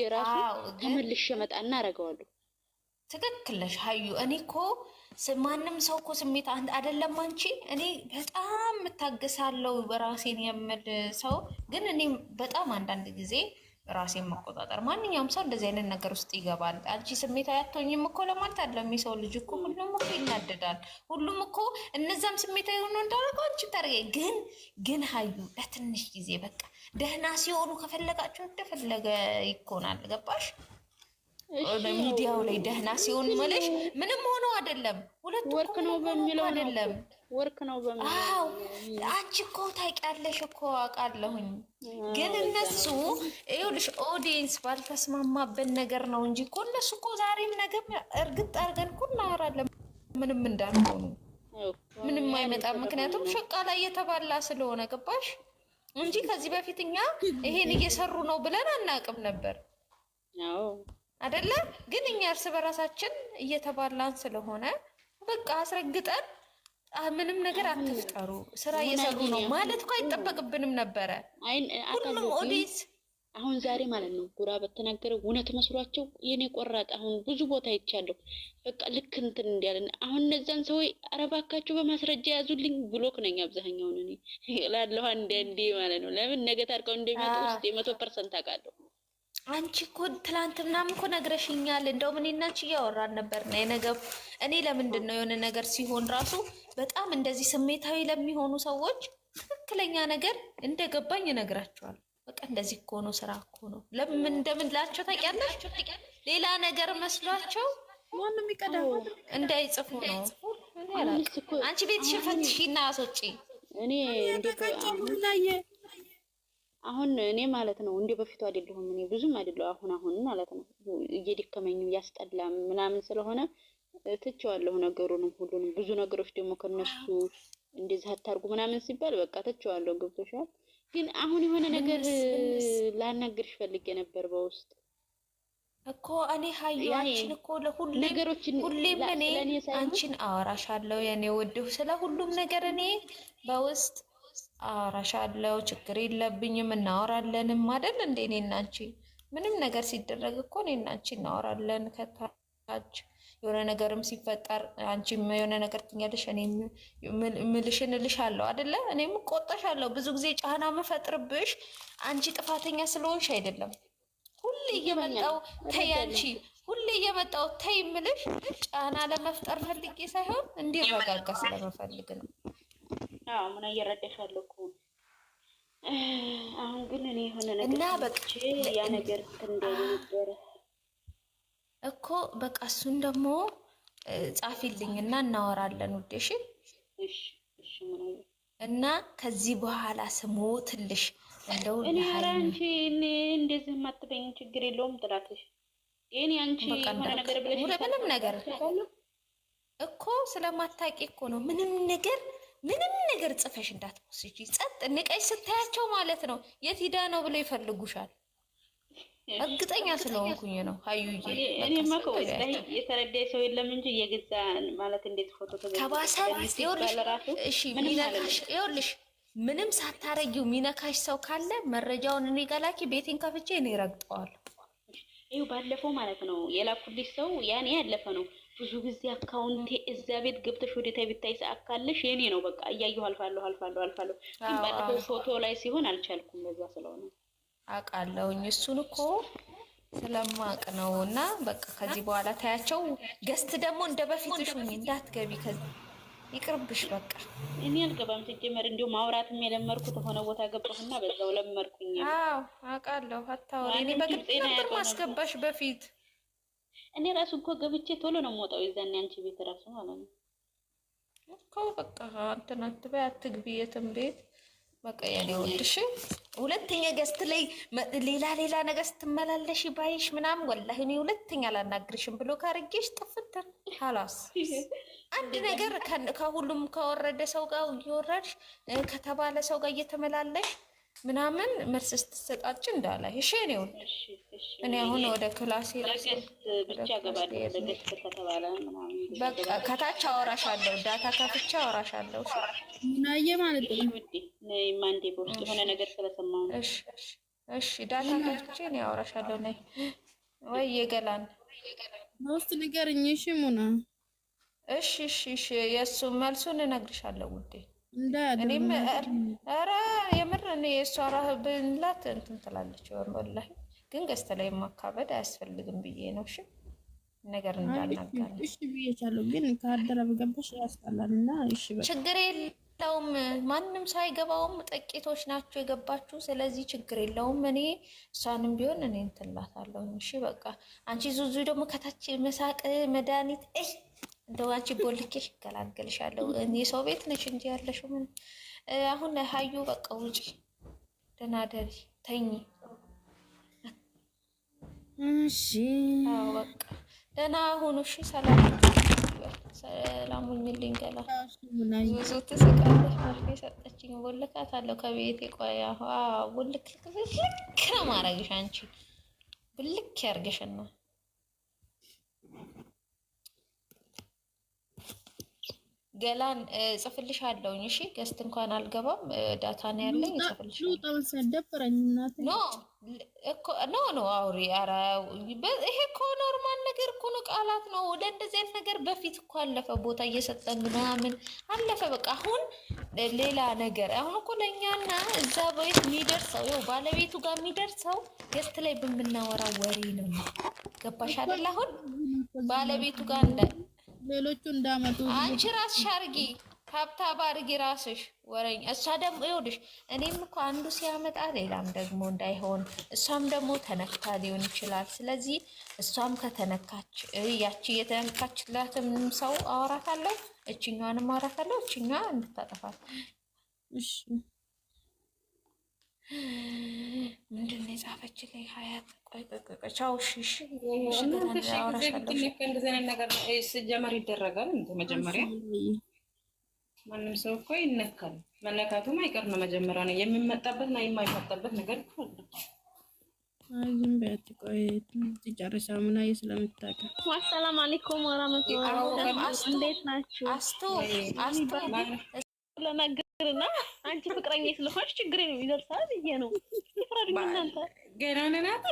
የራሱ ተመልሼ እመጣና አደርገዋለሁ። ትክክል ነሽ ሀዩ። እኔ እኮ ማንም ሰው እኮ ስሜት አይደለም አንቺ። እኔ በጣም የምታገሳለው በራሴን የምል ሰው ግን እኔ በጣም አንዳንድ ጊዜ ራሴን መቆጣጠር ማንኛውም ሰው እንደዚህ አይነት ነገር ውስጥ ይገባል። አንቺ ስሜት አያቶኝም እኮ ለማለት አለም የሰው ልጅ እኮ ሁሉም እኮ ይናደዳል። ሁሉም እኮ እነዛም ስሜት የሆነ እንዳደረገው አንቺ ታደርገ ግን ግን ሀዩ ለትንሽ ጊዜ በቃ ደህና ሲሆኑ ከፈለጋቸው እንደፈለገ ይኮናል። ገባሽ? ሚዲያው ላይ ደህና ሲሆን መለሽ ምንም ሆኖ አይደለም። ሁለት ወርክ ነው በሚለው አይደለም ወርክ ነው በሚለው አዎ፣ አንቺ እኮ ታውቂያለሽ እኮ አውቃለሁኝ። ግን እነሱ ይኸውልሽ፣ ኦዲየንስ ባልተስማማበት ነገር ነው እንጂ እኮ እነሱ እኮ ዛሬም ነገም እርግጥ አድርገን እኮ እናወራለን ምንም እንዳልሆኑ ምንም አይመጣም። ምክንያቱም ሸቃ ላይ የተባላ ስለሆነ ገባሽ እንጂ ከዚህ በፊት እኛ ይሄን እየሰሩ ነው ብለን አናውቅም ነበር አይደለም። ግን እኛ እርስ በራሳችን እየተባላን ስለሆነ በቃ አስረግጠን ምንም ነገር አትፍጠሩ፣ ስራ እየሰሩ ነው ማለት እኮ አይጠበቅብንም ነበረ ሁሉም ኦዲት አሁን ዛሬ ማለት ነው ጉራ በተናገረ እውነት መስሏቸው የኔ ቆራጥ አሁን ብዙ ቦታ ይቻለሁ በቃ ልክ እንትን እንዲያለን አሁን እነዛን ሰዎች አረባካቸው በማስረጃ ያዙልኝ ብሎክ ነኝ አብዛኛውን እኔ ላለሁ አንዴ እንዴ ማለት ነው ለምን ነገ ታርቀው እንደሚመጡ ውስጥ የመቶ ፐርሰንት አውቃለሁ አንቺ እኮ ትላንት ምናምን እኮ ነግረሽኛል። እንደውም እኔ እና አንቺ እያወራን ነበር ና የነገብ እኔ ለምንድን ነው የሆነ ነገር ሲሆን ራሱ በጣም እንደዚህ ስሜታዊ ለሚሆኑ ሰዎች ትክክለኛ ነገር እንደገባኝ እነግራቸዋለሁ። በቃ እንደዚህ እኮ ነው፣ ስራ እኮ ነው። ለምን እንደምንላቸው ታውቂያለሽ? ሌላ ነገር መስሏቸው ማንም ይቀዳው እንዳይጽፉ ነው። አንቺ ቤትሽ ፈትሽና አስወጪ። እኔ አሁን እኔ ማለት ነው እንደ በፊቱ አይደለሁም። እኔ ብዙም አይደለሁ አሁን አሁን ማለት ነው እየደከመኝ እያስጠላ ምናምን ስለሆነ ትቼዋለሁ ነገሩንም ሁሉንም። ብዙ ነገሮች ደግሞ ከነሱ እንደዚህ አታርጉ ምናምን ሲባል በቃ ትቼዋለሁ። ገብቶሻል ግን አሁን የሆነ ነገር ላናግርሽ ፈልጌ ነበር በውስጥ እኮ እኔ ሀያችን እኮ ለሁሌም ሁሌም እኔ አንቺን አወራሻለሁ የኔ ውድ፣ ስለ ሁሉም ነገር እኔ በውስጥ አወራሻለሁ። ችግር የለብኝም፣ እናወራለንም አይደል እንደ እኔ እና አንቺ ምንም ነገር ሲደረግ እኮ እኔ እና አንቺ እናወራለን ከታች የሆነ ነገርም ሲፈጠር አንቺ የሆነ ነገር ትኛለሽ፣ እኔ ምልሽን እልሻለሁ አይደለ? እኔም ቆጣሻለሁ። ብዙ ጊዜ ጫና መፈጥርብሽ አንቺ ጥፋተኛ ስለሆንሽ አይደለም። ሁሌ እየመጣው ተይ አንቺ ሁሌ እየመጣው ተይ ምልሽ ጫና ለመፍጠር ፈልጌ ሳይሆን እንዲረጋጋ ስለመፈልግ ነው። ምን እየረዳሻለሁ አሁን ግን እኔ የሆነ ነገር እና በቃ ያ ነገር ነበረ እኮ በቃ እሱን ደግሞ ጻፊልኝ እና እናወራለን ውዴ። እና ከዚህ በኋላ ስሙ ትልሽ እንደው እኔ ኧረ አንቺ እንደዚህ ማትበኝ ችግር የለውም ጥላትሽ እኔ አንቺ ነገር ምንም ነገር እኮ ስለማታውቂ እኮ ነው። ምንም ነገር ምንም ነገር ጽፈሽ እንዳትወስጂ። ጸጥ ንቀሽ ስታያቸው ማለት ነው የት ሂዳ ነው ብለው ይፈልጉሻል። እርግጠኛ ስለሆንኩኝ ነው። ሀዩዬ እኔማ ሰው የለም እንጂ የገዛ ማለት እንዴት ፎቶ ይኸውልሽ፣ ምንም ሳታረጊው ሚነካሽ ሰው ካለ መረጃውን እኔ ጋር ቤቴን ከፍቼ እኔ ረግጠዋል። ይኸው ባለፈው ማለት ነው የላኩልሽ ሰው ያኔ ያለፈ ነው። ብዙ ጊዜ አካውንቴ እዛ ቤት ገብተሽ ወደ ታይ ብታይ ሰአካለሽ የኔ ነው። በቃ እያየሁ አልፋለሁ፣ አልፋለሁ፣ አልፋለሁ። ባለፈው ፎቶ ላይ ሲሆን አልቻልኩም በዛ ስለሆነ አውቃለሁኝ እሱን እኮ ስለማቅ ነው። እና በቃ ከዚህ በኋላ ታያቸው ገስት ደግሞ እንደ በፊትሽ ሁኚ እንዳትገቢ፣ ይቅርብሽ። በቃ እኔ አልገባም ሲጀመር እንዲሁ ማውራትም የለመድኩት ሆነ ቦታ ገባሁና በዛው ለመድኩኝ። አዎ አውቃለሁ። አታወሪ እኔ በግድ ነበር ማስገባሽ በፊት። እኔ ራሱ እኮ ገብቼ ቶሎ ነው የምወጣው የዛኔ አንቺ ቤት ራሱ ማለት ነው እኮ በቃ እንትን አትበይ፣ አትግቢ የትም ቤት በቃ ያኔ ወድሽ ሁለተኛ ገስት ላይ ሌላ ሌላ ነገር ስትመላለሽ ባይሽ ምናምን ወላሂ እኔ ሁለተኛ አላናግርሽም ብሎ ካርጌሽ ጥፍት ሀላስ አንድ ነገር ከሁሉም ከወረደ ሰው ጋር እየወረድሽ ከተባለ ሰው ጋር እየተመላለሽ ምናምን መልስ ስትሰጣች እንዳለ እሺ። እኔ እኔ አሁን ወደ ክላሴ በቃ ከታች አወራሻለሁ፣ ዳታ ከፍቼ አወራሻለሁ። ናየ ማለት ነው። እሺ ዳታ ከፍቼ እኔ አወራሻለሁ። ነይ ወይ የገላን ውስጥ ንገርኝ። እሺ ሙና። እሺ እሺ እሺ፣ የእሱ መልሱን እነግርሻለሁ ውዴ እኔም ኧረ የምር እኔ የእሷ ራህብ እንላት እንትን ትላለች። ወላሂ ግን ገዝተ ላይ ማካበድ አያስፈልግም ብዬ ነው። እሺ ነገር እንዳናገር እሺ ብዬሻለሁ። ግን ከአደራ በገባሽ ያስጠላል እና እሺ ችግር የለውም። ማንም ሳይገባውም ጥቂቶች ናቸው የገባችሁ። ስለዚህ ችግር የለውም። እኔ እሷንም ቢሆን እኔ እንትን እላታለሁ። እሺ በቃ አንቺ ዙዙ ደግሞ ከታች መሳቅ መድኃኒት እንደዋች ቦልኬሽ ይገላገልሻለሁ። የሰው ቤት ነሽ እንጂ ያለሽው ምን አሁን ሀዩ በቃ ውጪ፣ ደህና ደሪ፣ ተኝ። እሺ አዎ በቃ ደህና ሁኑ። እሺ ሰላም ሰላም ሁኝልኝ። ገላ ብዙ ትስቃለች። መርፌ ሰጠችኝ፣ ቦልካታለሁ ከቤቴ። ከቤት አዎ ቦልክ ልክ ነው ማረግሽ አንቺ ብልክ ያርግሽና ገላን ጽፍልሽ አለውኝ። እሺ ገስት እንኳን አልገባም፣ ዳታ ነው ያለኝ። ጽፍልሽ ደበረኝ። ኖ ኖ ኖ አውሪ። ኧረ ይሄ እኮ ኖርማል ነገር እኮ ነው፣ ቃላት ነው። ወደ እንደዚህ አይነት ነገር በፊት እኮ አለፈ፣ ቦታ እየሰጠን ምናምን አለፈ። በቃ አሁን ሌላ ነገር። አሁን እኮ ለእኛና እዛ ቤት የሚደርሰው ይኸው ባለቤቱ ጋር የሚደርሰው ገስት ላይ በምናወራ ወሬ ነው። ገባሽ አይደል? አሁን ባለቤቱ ጋር እንደ ሌሎቹ እንዳመጡ አንቺ ራስሽ አርጊ፣ ታብታብ አርጊ ራስሽ። ወረኝ እሷ ደግሞ ይኸውልሽ፣ እኔም እኮ አንዱ ሲያመጣ ሌላም ደግሞ እንዳይሆን እሷም ደግሞ ተነክታ ሊሆን ይችላል። ስለዚህ እሷም ከተነካች ያቺ የተነካችላትም ሰው አወራታለሁ፣ እችኛዋንም አወራታለሁ፣ እችኛ እንድታጠፋት ምንድን ነው የጻፈችልኝ ሀያት አይጠቀቀቻው ሽሽ ስጀመር መጀመሪያ ማንም ሰው እኮ ይነካል። መነካቱም አይቀር ነው። መጀመሪያ ነው የሚመጣበት እና የማይመጣበት ነገር ዝም በያትቆት ትጨርሻ ምና ስለምታቀ አሰላም አለይኩም ወራህመቱላሂ እንዴት ናችሁ? አስቶ አስቶ ለነገር አንቺ ፍቅረኛ ስለሆንሽ ችግር ነው ይደርሳል ብዬ ነው። ይፍረዱኝ እናንተ ገና ነናት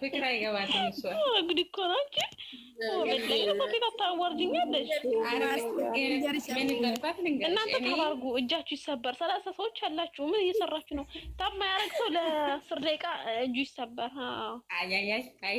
ፍቅር አይገባትም። እናንተ ተባርጉ፣ እጃችሁ ይሰበር። ሰላሳ ሰዎች አላችሁ። ምን እየሰራችሁ ነው? ታብ ማያረግ ሰው ለአስር ደቂቃ እጁ ይሰበር። አይ አይ አይ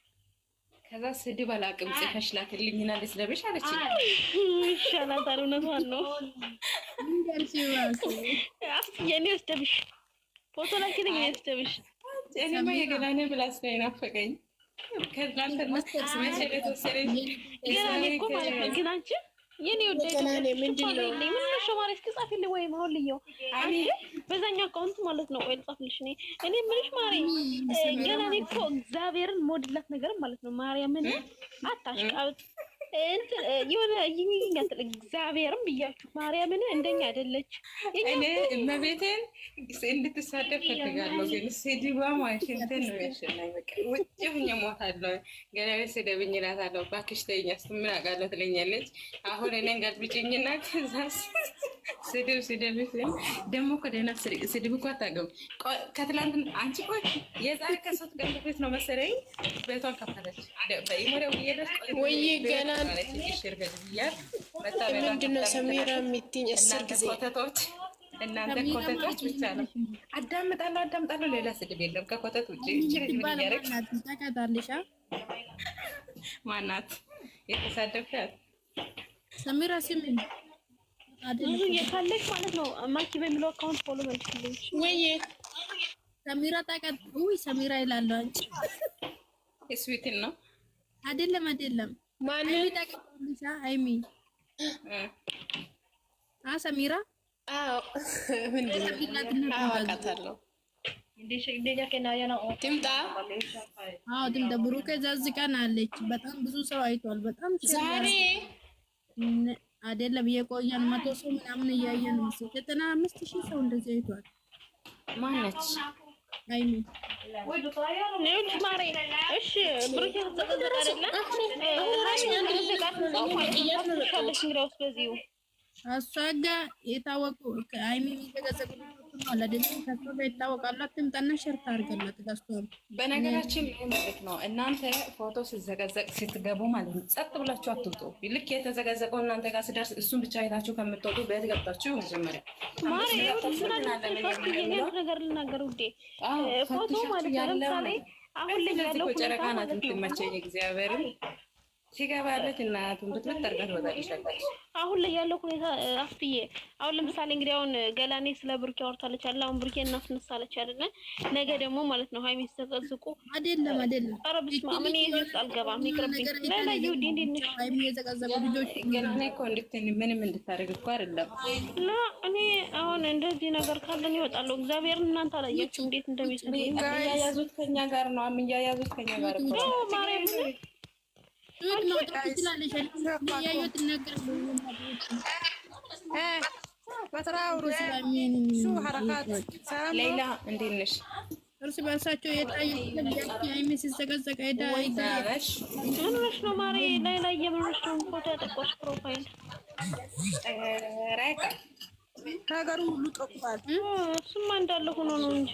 ከዛ ስድብ አላውቅም ጽፈሽ ላክልኝና ልስለብሽ አለች። ይሻላታል። እውነቷን ነው። የኔ ወስደብሽ ፎቶ ላክልኝ ወስደብሽ። እኔማ የገላኔ ብላስ ነው የናፈቀኝ። ከናንተ መስተር ስመቸ ቤተወሰደኝ ገላኔ እኮ ማለት ነው ግን አንቺ የኔ በዛኛው አካውንት ማለት ነው። ወይ ልጻፍልሽ እኔ እኔ ምንሽ ማሪ ገና እኔ እኮ እግዚአብሔርን ሞድላት ነገር ማለት ነው። ማርያምን አታሽቃብጥ የሆነ ይሚኛት እግዚአብሔርም ብያችሁ ማርያምን እንደኛ አይደለች። እኔ እመቤቴን እንድትሳደብ ፈልጋለሁ፣ ግን ስድባ ማሽንትን ነው ያሸናኝ። በቃ ውጭ ሁኜ ሞታለሁ። ገና ስደብኝ እላታለሁ። እባክሽ ተይኝ፣ ምን አውቃለሁ ትለኛለች። አሁን እኔን ገልብጭኝና ከዛ ስድብ ስድብ ደግሞ እኮ ደህና ስድብ እኮ አታገቡ። ከትላንት አንቺ እኮ የዛሬ ከሶስት ቀን በፊት ነው መሰለኝ ቤቷን ከፈተች። ወይ ገና ምንድን ነው ሰሚራ የሚትኝ እስር ጊዜ እናንተ ኮተቶች ብቻ ነው። አዳምጣለሁ አዳምጣለሁ፣ ሌላ ስድብ የለም ከኮተት ውጭ። ማናት የተሳደብሻት? ሰሚራ ማለት ነው። ማኪ በሚለው አካውንት ፎሎ መልክልች ወይ ሰሚራ ሰሚራ አንቺ ስዊትን ነው አይደለም? አይደለም ሃይሚ ሰሚራ ትምጣ። ብሩኬ እዚያ አለች። በጣም ብዙ ሰው አይቷል። በጣም አይደለም የቆየን መቶ ሰው ምናምን እያየን ነው። ዘጠና አምስት ሺህ ሰው እንደዚህ አይቷል። ማነች? እሷ ጋ የታወቁ አይሚ የሚዘገዘጉ በነገራችን ይሄ ማለት ነው። እናንተ ፎቶ ሲዘቀዘቅ ስትገቡ ማለት ነው ጸጥ ብላችሁ አትውጡ። ልክ የተዘቀዘቀው እናንተ ጋር ስደርስ እሱን ብቻ አይታችሁ ከምትወጡ ቤት ገብታችሁ መጀመሪያ ማለት ነው ለምሳሌ አሁን ላይ ያለው ሲገባለት እናቱን ብትመት ጠርቀት ወጣች። አሁን ላይ ያለው ሁኔታ አስብዬ አሁን ለምሳሌ እንግዲህ አሁን ገላኔ ስለ ብርኬ አውርታለች አለ አሁን ብርኬ እናስነሳለች አይደለ? ነገ ደግሞ ማለት ነው ሀይሚ ተጸጽቁ አይደለም አይደለም። ኧረ በስመ አብ እኔ ውስጥ አልገባም ይቅርብኝ። ለላዩ ዲንዲንሽ ገላኔ እኮ እንድትል ምንም እንድታደርግ እኮ አይደለም እና እኔ አሁን እንደዚህ ነገር ካለን ይወጣለሁ። እግዚአብሔር እናንተ አላያችሁ እንዴት እንደሚሰሩ ያዙት ከኛ ጋር ነው አምያ ያዙት ከኛ ጋር ነው ማርያም ሌላ እንዴት ነሽ? እርስ በርሳቸው የጣየሚ ሲዘቀዘቀ ምንሽ ነው ማሬ ላይ ላይ የምንሽ ነው ፎቶ ያጠቆሽ ፕሮፋይል ነገሩ ሁሉ ጠቁታል። እሱማ እንዳለ ሆኖ ነው እንጂ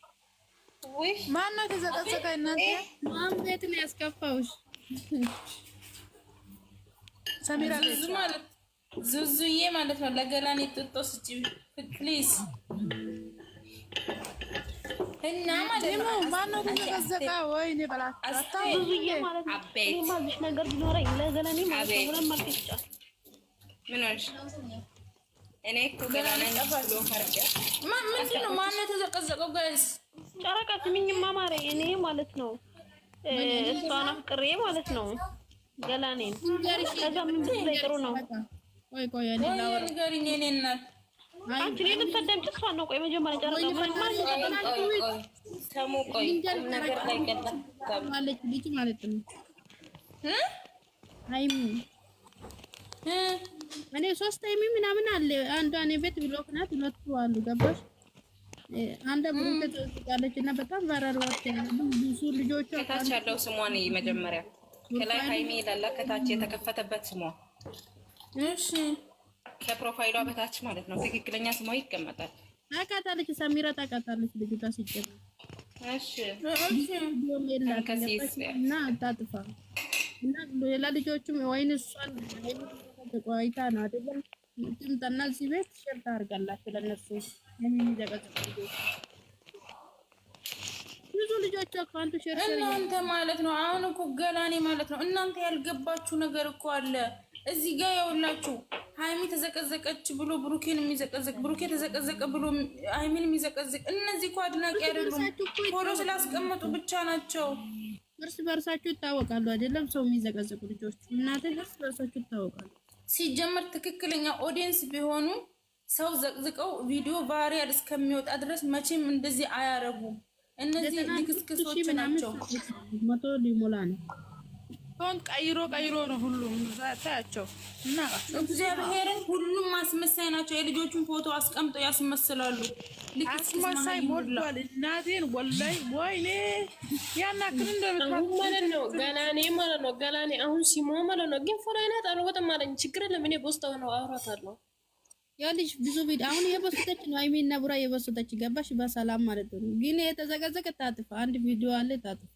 ማነው የተዘቀዘቀ? እናንተ ማምዘት ነው ያስከፋውሽ። ሰሚራ ማለት ዙዙዬ ማለት ነው። ለገላኔ ጥጦ ስጪ ፕሊዝ። እና ማለት ነው ማነው የተዘቀዘቀ? ወይኔ በላት ዙዙዬ ማለት ነው። ማዝሽ ነገር ቢኖረኝ ለገላኔ ማለት ነው። ምንም አልከጫት ምን ሆነሽ? እኔ እኮ ገላኔ ነው። ማን ምንድን ነው ማነው የተዘቀዘቀው? ጋይስ ጨረቃ ስሚኝማ ማርያም እኔ ማለት ነው እሷን አፍቅሬ ማለት ነው ገላኔን ከዛ ምን ብትለኝ ጥሩ ነው? ቆይ ቆይ አንቺ እኔን ልታዳምጪ እሷን ነው። ቆይ መጀመሪያ ጨረቃ ማለት ነው ሰሙ ቆይ ማለት ነው አይሚ እኔ ሶስት አይሚ ምናምን አለ አንዷ እኔ ቤት ብሎክ ናት ሁለቱ አሉ ገባሽ አንድ ብሩክ ተጽቃለች እና በጣም ቫይራል ብዙ ልጆች ከታች ያለው ስሟ መጀመሪያ ከላይ ሃይሚ ይላል ከታች የተከፈተበት ስሟ እሺ ከፕሮፋይሏ በታች ማለት ነው ትክክለኛ ስሟ ይቀመጣል ታውቃታለች ሰሚራ ታውቃታለች ልጅቷ ሲጀምር እና አታጥፋ እና ሌላ ልጆቹም ወይን እሷን ቆይታ ነው አይደለም ትምጣና እዚህ ቤት ሸርታ አድርጋላችሁ ለእነሱ ብዙ ልጆች እኮ እናንተ ማለት ነው። አሁን እኮ ገላኔ ማለት ነው። እናንተ ያልገባችሁ ነገር እኮ አለ እዚህ ጋር ያውላችሁ። ሀይሚ ተዘቀዘቀች ብሎ ብሩኬን የሚዘቀዘቅ ብሩኬ ተዘቀዘቀ ብሎ ሀይሚን የሚዘቀዘቅ እነዚህ እኮ አድናቂ አይደሉም። ፎሎ ስላስቀመጡ ብቻ ናቸው። እርስ በርሳችሁ ይታወቃሉ አይደለም? ሰው የሚዘቀዘቁ ልጆች እናንተ እርስ በርሳችሁ ይታወቃሉ። ሲጀመር ትክክለኛ ኦዲየንስ ቢሆኑ ሰው ዘቅዝቀው ቪዲዮ ቫሪያል እስከሚወጣ ድረስ መቼም እንደዚህ አያረጉም። እነዚህ ልክስክሶች ናቸው። መቶ ሊሞላ ነው። ሆን ቀይሮ ቀይሮ ነው ሁሉም ታያቸው እና እግዚአብሔርን ሁሉም ማስመሳይ ናቸው። የልጆቹን ፎቶ አስቀምጠው ያስመስላሉ። አስመሳይ ሞልቷል። እናቴን ወላይ ወይኔ ያናክል እንደምትማት ማለት ነው። ገላኔ ማለት ነው። ገላኔ አሁን ሲሞ ማለት ነው። ግን ፎላይ ናት አለ በጣም ማለት ችግር የለም። እኔ ቦስታ ሆነው አውራታለሁ ያ ልጅ ብዙ ቪዲዮ አሁን የበሰተች ነው አይሜና ቡራ የበሰተች ገባሽ፣ በሰላም ማለት ነው። ግን የተዘቀዘቀ ታጥፋ፣ አንድ ቪዲዮ አለ ታጥፋ፣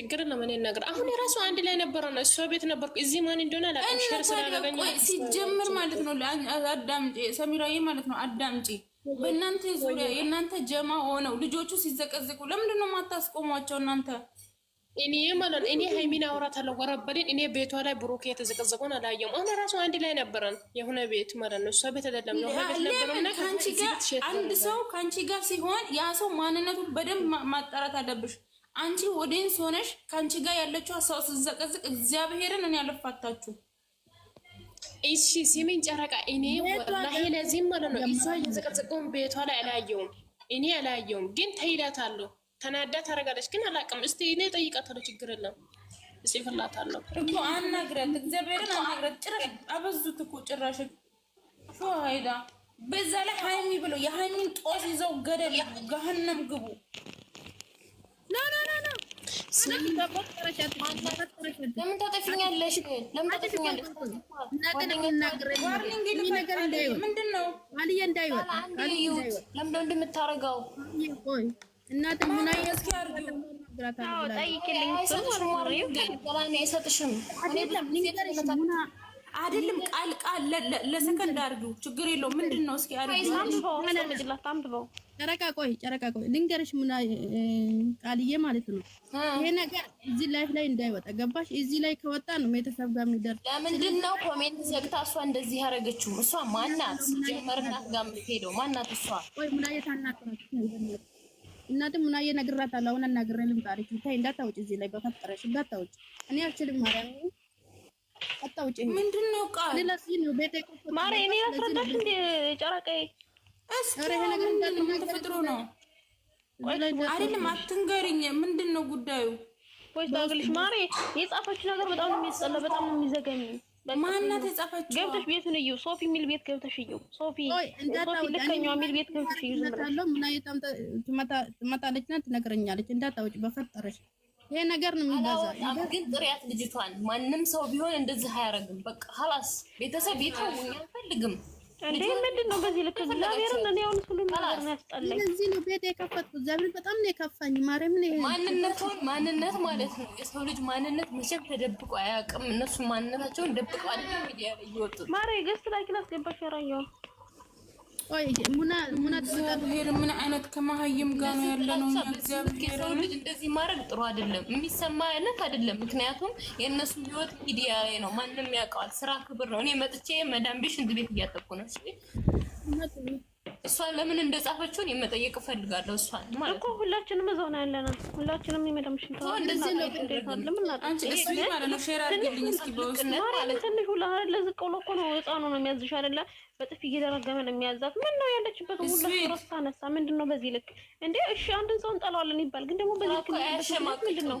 ችግር ነው። ምን ነገር አሁን የራሱ አንድ ላይ ነበረ ነው፣ እሷ ቤት ነበርኩ። እዚህ ማን እንደሆነ አላውቅም። ሸር ስላላገኘ ሲጀምር ማለት ነው። አዳምጪ ሰሚራዬ ማለት ነው፣ አዳምጪ በእናንተ ዙሪያ የእናንተ ጀማ ሆነው ልጆቹ ሲዘቀዝቁ ለምንድን ነው ማታስቆሟቸው እናንተ? እኔ ማለት እኔ ሀይሚን አውራታለሁ ወረበዴን እኔ ቤቷ ላይ ብሩኬ የተዘቀዘቀውን አላየሁም። አሁን ራሱ አንድ ላይ ነበረን የሆነ ቤት ማለት ነው። እሷ ቤት አይደለም ነው ከአንቺ ጋር አንድ ሰው ከአንቺ ጋር ሲሆን ያ ሰው ማንነቱን በደንብ ማጣራት አለብሽ። አንቺ ወደንስ ሆነሽ ከአንቺ ጋር ያለችው ሰው ስዘቀዝቅ እግዚአብሔርን እኔ አለፋታችሁ እሺ ሲሚን ጨረቃ እኔ ወላሂ ማለት ነው እሷ የዘቀዘቀውን ቤቷ ላይ አላየውም። እኔ አላየውም ግን ተይላታለሁ ተናዳ ታደርጋለች። ግን አላውቅም። እስቲ እኔ እጠይቃታለሁ። ችግር የለም። እስቲ ፍላት አለው እኮ አናግረት፣ እግዚአብሔርን አናግረት። ጭራሽ አበዙት እኮ ጭራሽ ሀይዳ በዛ ላይ ሀይሚ ብለው የሀይሚን ጦስ ይዘው ገደል ገሀነም ግቡ። ለምን ታጠፊኛለሽ? ለምን ታጠፊኛለሽ? ምንድን ነው ለምንድን ነው እንደምታደርገው እናት ምን አይነት አይደለም ቃል ቃል ለሰከንድ አድርጊው፣ ችግር የለውም። ምንድን ነው እስኪ ጨረቃ ቆይ ጨረቃ ቆይ ልንገርሽ፣ ምን ቃልዬ ማለት ነው ይሄ ነገር እዚህ ላይፍ ላይ እንዳይወጣ ገባሽ? እዚህ ላይ ከወጣ ነው ቤተሰብ ጋር የሚደርስ። ለምንድን ነው ኮሜንት ዘግታ እሷ እንደዚህ ያደረገችው? እሷ ማናት? ጀመርናት ጋር የምትሄደው ማናት? እሷ ቆይ ምን አይነት አናቀራችሁ እናትም ምን አየ እና አለ። አሁን አናግሬ ልምጣሪክ ይታይ እንዳታውጭ፣ እዚህ ላይ በፈጠረሽ እንዳታውጭ። እኔ አልችልም ማርያም፣ አታውጭ። ምንድን ነው ቃል ለዚህ ነው ቤቴ ማርያም፣ እኔ አስረዳሽ እንደ ጨረቃዬ። እስኪ ይሄ ነገር ተፈጥሮ ነው አይደለም፣ አትንገሪኝ። ምንድን ነው ጉዳዩ? ወይስ ታግልሽ ማርያም፣ የጻፈችው ነገር በጣም ነው የሚያስጠላ፣ በጣም ነው የሚዘገኝ ማናት የጻፈችው? ገብተሽ ቤቱን እዩ። ሶፊ የሚል ቤት ገብተሽ እዩ። ሶፊ ልከኛዋ የሚል ቤት ገብተሽ እዩ። ዝም ምን አይታም ትመጣለች እና ትነግረኛለች። እንዳታወጪ በፈጠረሽ። ይሄ ነገር ነው የሚባዛው። ግን ጥሪያት ልጅቷን። ማንም ሰው ቢሆን እንደዚህ አያደርግም። በቃ ሀላስ ቤተሰብ ቤታው አልፈልግም እንዴ ምንድን ነው በዚህ ልክ እግዚአብሔርን እኔ አሁን ሁሉም ነገር ነው ያስጠላኝ። እዚህ ነው ቤት የከፈትኩት። እግዚአብሔር በጣም ነው የከፋኝ። ማርያምን ይሄ ማንነቱን ማንነት ማለት ነው የሰው ልጅ ማንነት መቼም ተደብቆ አያውቅም። እነሱ ማንነታቸውን ደብቀው ሚዲያ ላይ ይወጡ ማሬ ገስት ላይ ክላስ ያራየው እግዚአብሔር ምን አይነት ከመሀይም ጋር ነው ያለ ነው። እግዚአብሔር ልጅ እንደዚህ ማድረግ ጥሩ አይደለም፣ የሚሰማ አይነት አይደለም። ምክንያቱም የእነሱ ህይወት ሚዲያ ነው፣ ማንም ያውቀዋል። ስራ ክብር ነው። እኔ መጥቼ መዳም ቤት ሽንት ቤት እያጠብኩ ነው። እሷ ለምን እንደጻፈችውን የመጠየቅ እፈልጋለሁ። እሷ እኮ ሁላችንም እዛው ነው ያለና ሁላችንም ነው። እንደዚህ የመደምሽ ትንሹ ለዝቅ ብሎ እኮ ነው ህፃኑ ነው የሚያዝሽ አይደለ? በጥፊ እየደረገመ ነው የሚያዛት። ምን ነው ያለችበት ሁላ ረስታ ነሳ። ምንድን ነው በዚህ ልክ እንዴ? እሺ አንድን ሰው እንጠለዋለን ይባል፣ ግን ደግሞ በዚህ ልክ ምንድን ነው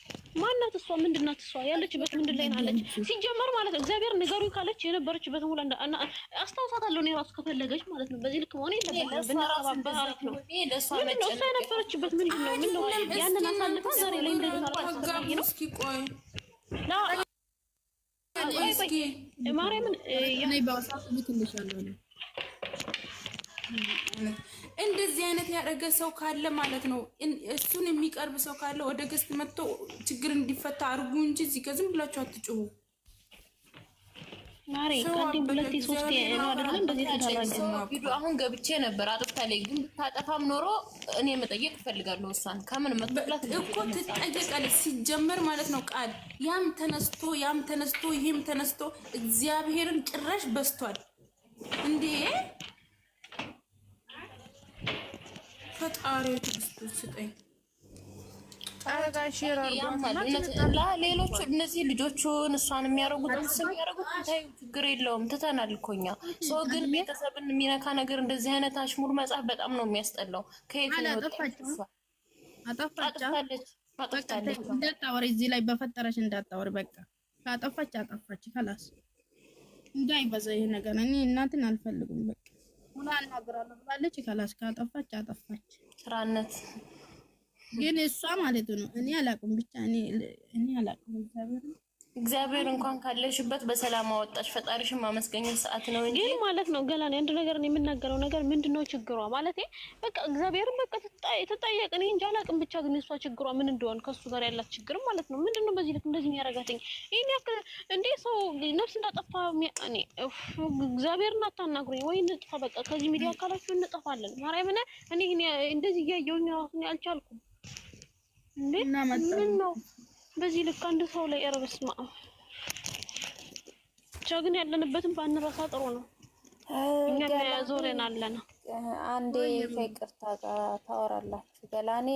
ማናት እሷ? ምንድናት እሷ? ያለችበት ምንድን ላይ አለች? ሲጀመር ማለት ነው እግዚአብሔር ንገሩ ካለች የነበረችበት ሙላ አስታውሳታለሁ እኔ ራሱ ከፈለገች ማለት ነው። በዚህ ልክ መሆን የለበትም። ነው። እሷ የነበረችበት ምንድን ነው? ምነው ያንን አሳልፋ ዛሬ ላይ ነው ማርያምን እንደዚህ አይነት ያደረገ ሰው ካለ ማለት ነው፣ እሱን የሚቀርብ ሰው ካለ ወደ ገስት መጥቶ ችግር እንዲፈታ አድርጉ እንጂ እዚህ ጋር ዝም ብላችሁ አትጭሁ። አሁን ገብቼ ነበር አጥብታ ላይ ግን ብታጠፋም ኖሮ እኔ መጠየቅ እፈልጋለሁ። እሷን ከምን እኮ ትጠየቃለች ሲጀመር ማለት ነው። ቃል ያም ተነስቶ ያም ተነስቶ ይህም ተነስቶ እግዚአብሔርን ጭራሽ በስቷል እንዴ! ፈጣሪ ትግስቱን ስጠኝ። ሌሎቹ እነዚህ ልጆቹን እሷን የሚያደርጉት የሚያደርጉት ታዩ ችግር የለውም ትተናል እኮ እኛ። ሰው ግን ቤተሰብን የሚነካ ነገር እንደዚህ አይነት አሽሙር መጽሐፍ በጣም ነው የሚያስጠላው። ከየት አጠፋች እንዳታወሪ እዚህ ላይ በፈጠረች እንዳታወሪ። በቃ ካጠፋች አጠፋች፣ ከላስ እንዳይበዛ ይሄ ነገር። እኔ እናትን አልፈልግም በቃ ሁና እናገራለሁ ብላለች። ከላስ ካጠፋች አጠፋች። ስራነት ግን እሷ ማለት ነው። እኔ አላውቅም ብቻ እኔ እኔ አላውቅም እግዚአብሔር እግዚአብሔር እንኳን ካለሽበት በሰላም አወጣሽ። ፈጣሪሽን ማመስገኝ ሰዓት ነው እንጂ ግን ማለት ነው ገላኔ አንድ ነገር የምናገረው ነገር ምንድነው ችግሯ? ማለት በቃ እግዚአብሔርን በቃ የተጠየቅን እንጂ አላቅም። ብቻ ግን እሷ ችግሯ ምን እንደሆነ ከሱ ጋር ያላት ችግር ማለት ነው ምንድነው? በዚህ ልክ እንደዚህ የሚያረጋትኝ ይህን ያክል እንዴ ሰው ነፍስ እንዳጠፋ እኔ እግዚአብሔርን አታናግሩኝ ወይ እንጥፋ፣ በቃ ከዚህ ሚዲያ አካላችሁ እንጠፋለን። ማርያምን እኔ እንደዚህ እያየሁኝ ራሱን ያልቻልኩም እንዴ ምን ነው በዚህ ልክ አንድ ሰው ላይ ኧረ ማ ብቻ ግን ያለንበትን ባንረሳ ጥሩ ነው። እኛ ያዞረን አለን። አንዴ ከይቅርታ ጋር ታወራላችሁ። ገላኔ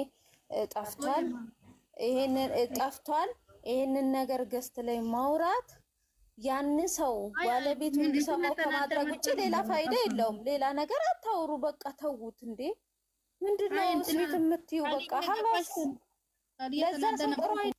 ጠፍቷል፣ ይሄንን ጠፍቷል። ይሄንን ነገር ገስት ላይ ማውራት ያን ሰው ባለቤቱ እንዲሰማው ከማድረግ ውጭ ሌላ ፋይዳ የለውም። ሌላ ነገር አታውሩ። በቃ ተዉት እንዴ! ምንድነው እንትን የምትዩ? በቃ ሀላስ ለዛ ሰው ጥሩ